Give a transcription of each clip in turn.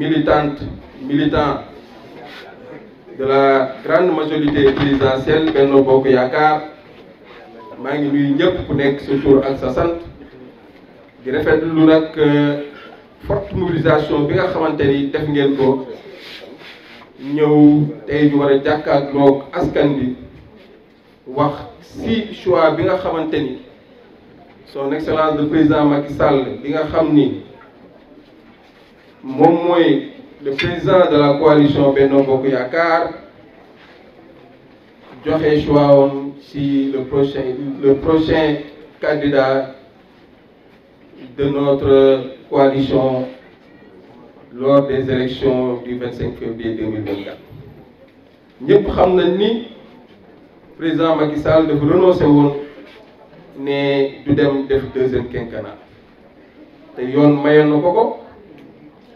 militantes, militants de la grande majorité présidentielle Benno Bokk Yaakaar maa ngi nuyu ñëpp ku nekk sa tur ak sa sant di rafetlu nag euh, forte mobilisation bi nga xamante ni def ngeen ko ñëw tey ñu war a jàkkaarloog askan bi wax si choix bi nga xamante ni son excellence le président Macky Sall bi nga xam ni. le président de la coalition Benno Bokk Je joxe le prochain le prochain candidat de notre coalition lors des élections du 25 février 2024 Nous xam que le président Macky de Bruno renoncé né le deuxième quinquennat Et yoon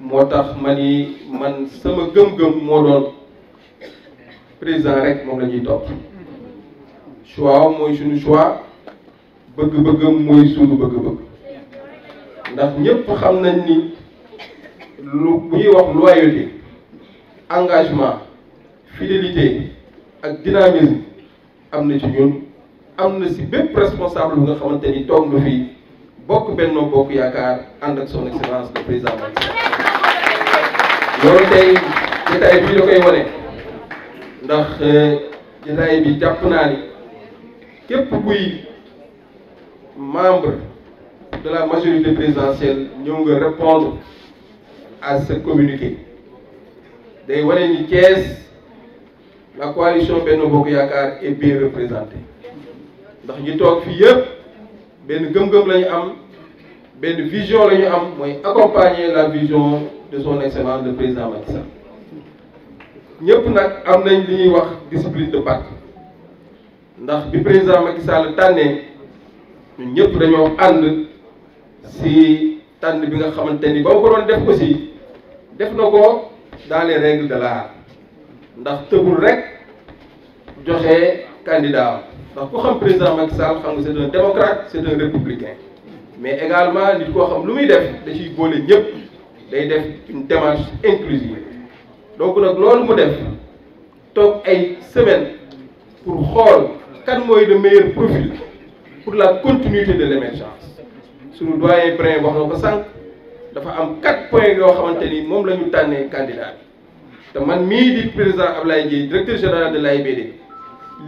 motax tax man sama gëm-gëm mo doon président rek mom lañuy top choix moy suñu choix bëgg bëgg moy suñu bëgg-bëgg ndax ñepp xam nañ ni lu muy wax loyauté engagement fidélité ak dynamisme amna ci ñun amna ci bëpp responsable bu nga xamanteni tok lu fi bok Benno bok yakar and ak son excellence le président loolu tey jotaay bii da koy wane ndax euh, jotaay bi jàpp naa ni képp membre de la majorité présidentielle ñëw nga répondre à ce communiqué day wane ni Thiès la coalition Benno Bokk Yaakaar est bien représentée ndax ñi toog fii yëpp benn gëm-gëm la am benn vision la am mooy accompagner la vision de son excellence le président Macky Sall ñëpp nag am nañ li ñuy wax discipline de parti ndax bi président Macky Sall tànnee ñun ñëpp dañoo ànd si tànn bi nga xamante ni ba ko doon def aussi def na ko dans les règles de l'art ndax tëbul rek joxe candidat ndax ku xam président Macky Sall xam nga c'est un démocrate c'est un républicain mais également nit ko xam lu muy def da ci bolé ñëpp day def une démarche inclusive donc nak lolu mu def tok ay semaines pour xol kan moy le meilleur profil pour la continuité de l'émergence Sur doyen Brin wax na ko sànq dafa am 4 points yo xamanteni mom lañu tanné candidat te man mii di président Ablaye directeur général de l'AIBD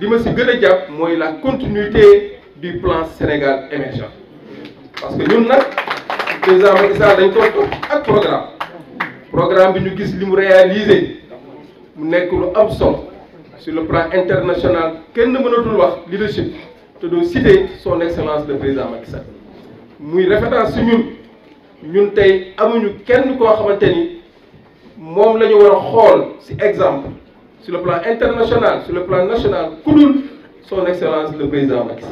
li ma si gën a jàpp la continuité du plan Sénégal émergent parce que nous nag président Macky Sall dañ ak programme programme nous ñu gis réalisé nous nekk lu sur le plan international kenn mënatul wax leadership te nous citer son excellence le président Macky Sall muy référence à ñun ñun nous amuñu kenn nous xamante ni moom exemple sur le plan international sur le plan national ku dul son excellence le président Macky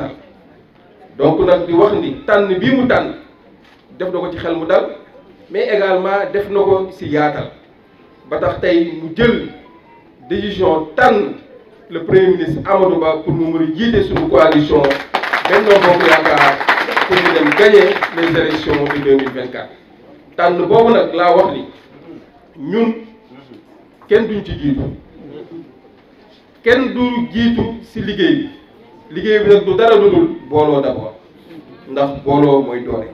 donc nag di wax ni tan bi mu tan def nako ci xel mu dal mais également def nako ci si yaatal ba tax tay mu jël décision tan le premier ministre Amadou Ba pour mu mën jité jiite suñu coalition no Bokk Yaakaar pour dem gagner les élections de 2024 Tan bobu nak la wax ni ñun kenn duñ ci jitu kenn du jitu si liggéey bi liggéey bi nag du dara dudul bolo d'abord ndax bolo moy doole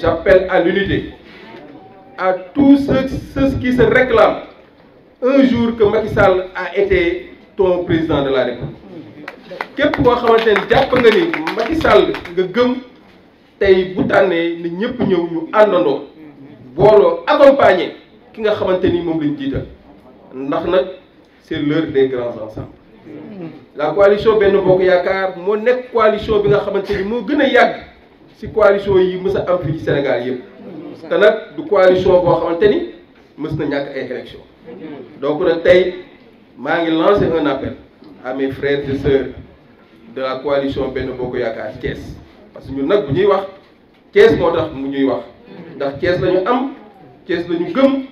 j'appelle à l'unité à tous ceux, ceux qui se réclament un jour que Macky Sall a été ton président de la République képp koo xamante ne jàpp nga ni Macky Sall nga gëm tey bu tànnee ne ñëpp ñëw ñu àndandoo booloo accompagné ki nga xamante ni moom lañ ndax nag c'est l'heure des grands ensembles la coalition benn bokk yaakaar moo nekk coalition bi nga xamante ni moo gën a yàgg ci coalition yi mës a am fii ci Sénégal yëpp te nag du coalition boo xamante ni mës na ñàkk ay élection donc nag tey maa ngi lancé un appel à mes frères et de la coalition benn bokk yaakaar Thiès parce que ñun nag bu ñuy wax Thiès moo tax mu ñuy wax ndax Thiès lañu am Thiès lañu ñu gëm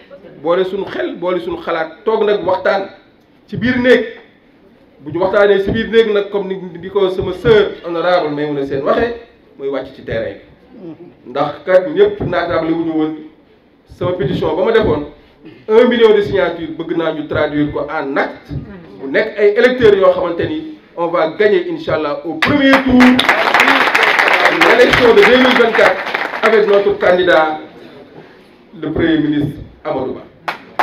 boole suñu xel boole xalaat ci comme sama sœur honorable may ci ndax sama pétition un million de signatures, bëgg traduire ko en acte nekk ay électeurs on va gagner incha au premier tour l'élection de 2024 avec notre candidat le premier ministre Amadou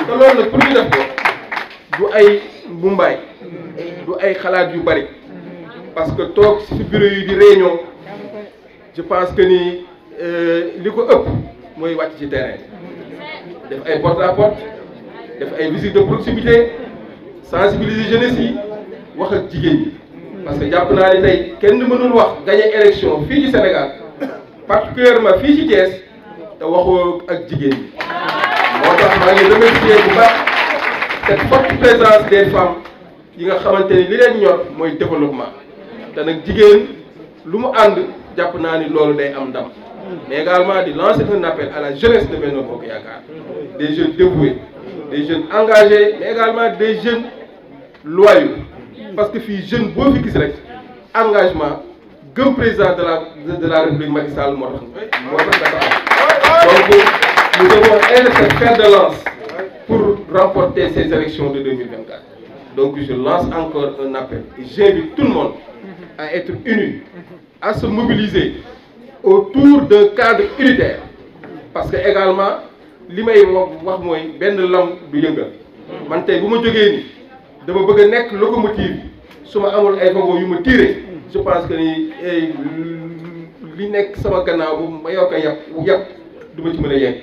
te loolu nag pour ñu def ko du ay mbumbaay du ay xalaat yu bari parce que toog ci bureau yi di réunion je pense que ni euh, li ko ëpp mooy wàcc ci terrain def ay porte à porte def ay visite de proximité sensibiliser jeunesse yi wax ak jigéen parce que jàpp naa ni tey kenn mënul wax gagner élection fii ci Sénégal particulièrement fii ci Thiès te waxoo ak jigéen je tax remercier cette forte présence des femmes yi nga xamante ni li leen ñor mooy développement te nag jigéen lu mu ànd jàpp naa day mais également de lancer un appel à la jeunesse de Benno Bokk des jeunes dévoués des jeunes engagés mais également des jeunes loyaux parce que jeunes sont boo fi gis rek engagement gëm président de la de la république Macky Sall nous devons être cette de lance pour remporter ces élections de 2024. Donc je lance encore un appel j'invite tout le monde à être unis, à se mobiliser autour d'un cadre unitaire. Parce que également, ce may wax mooy benn c'est du je man tey Je ma jógee nii dama bëgg a veux locomotive su ma amul ay yu je pense que ni eh, li nekk sama gannaaw bu ma du ma ci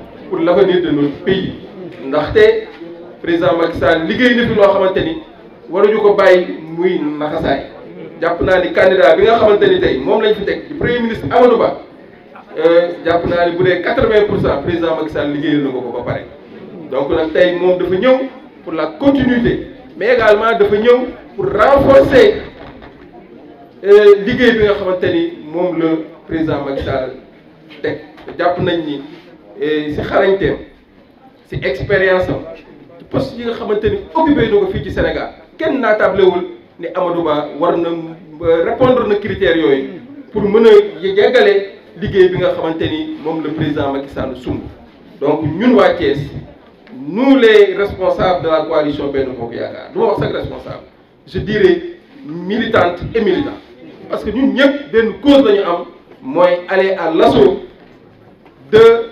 pour l'avenir de notre pays ndaxte président Macky Sall liggéey na fi loo xamante ni waruñu ko bàyyi muy naxasaay jàpp naa ni candidat bi nga xamante ni tey lañ fi teg di premier ministre Amadou Ba euh, jàpp naa ni bu dee président Macky Sall liggéeyal na ko ko ba donc nag tey moom dafa ñëw pour la continuité mais également dafa ñëw pour renforcer euh, liggéey bi nga xamante ni moom la président Macky Sall teg jàpp nañ ni eh, si xarañteem si expérience ci poste yi nga xamante ni occupé na fi ci Sénégal kenn wul ni Amadou Ba war na euh, répondre na critères yoy pour mëna a liggéey bi nga xamante mom le président Macky Sall sum donc ñun wa Thiès nous les responsables de la coalition Benno Bokk Yaakaar du wax sax responsable je dirais militante et militant parce que ñun ñëpp ben cause lañu am moy aller à l'assaut de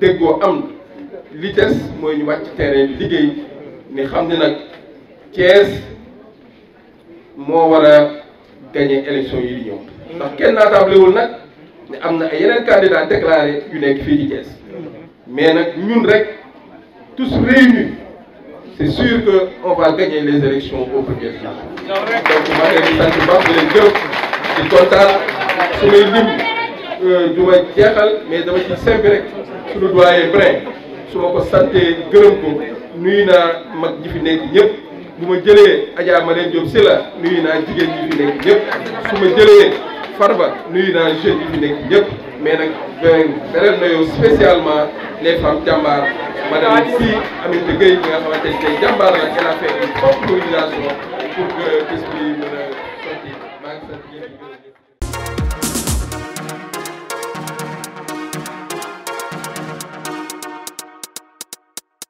déggoo am li des mooy ñu wacc terrain bi liggéey ni xam nak nag Thiès moo war a élection yi di ñëw ndax kenn naatablewul nag ne am na ay yenen candidat déclaré yu nekk fi di Thiès mais nak ñun rek tous réunis c'est sûr que on va gagner les élections au premier tour donc maa ngi leen di sant bu baax di leen gërëm di kontaan su Euh, du ma mais dama ci simpi rek suñu doyen Brin su ma ko santee gërëm ko nuyu naa mag ji fi nekk ñëpp bu ma jëlee Adja Marème Diop si la nuyu naa jigéen ñi fi nekk ñëpp su ma jëlee Farba nuyu naa jeunes yi nekk ñëpp mais nag beral na yow spécialement les femmes jàmbaar madame si Aminata Gueye bi nga xamante jàmbaar la elle a fait une forte mobilisation pour que bés bi mën a sotti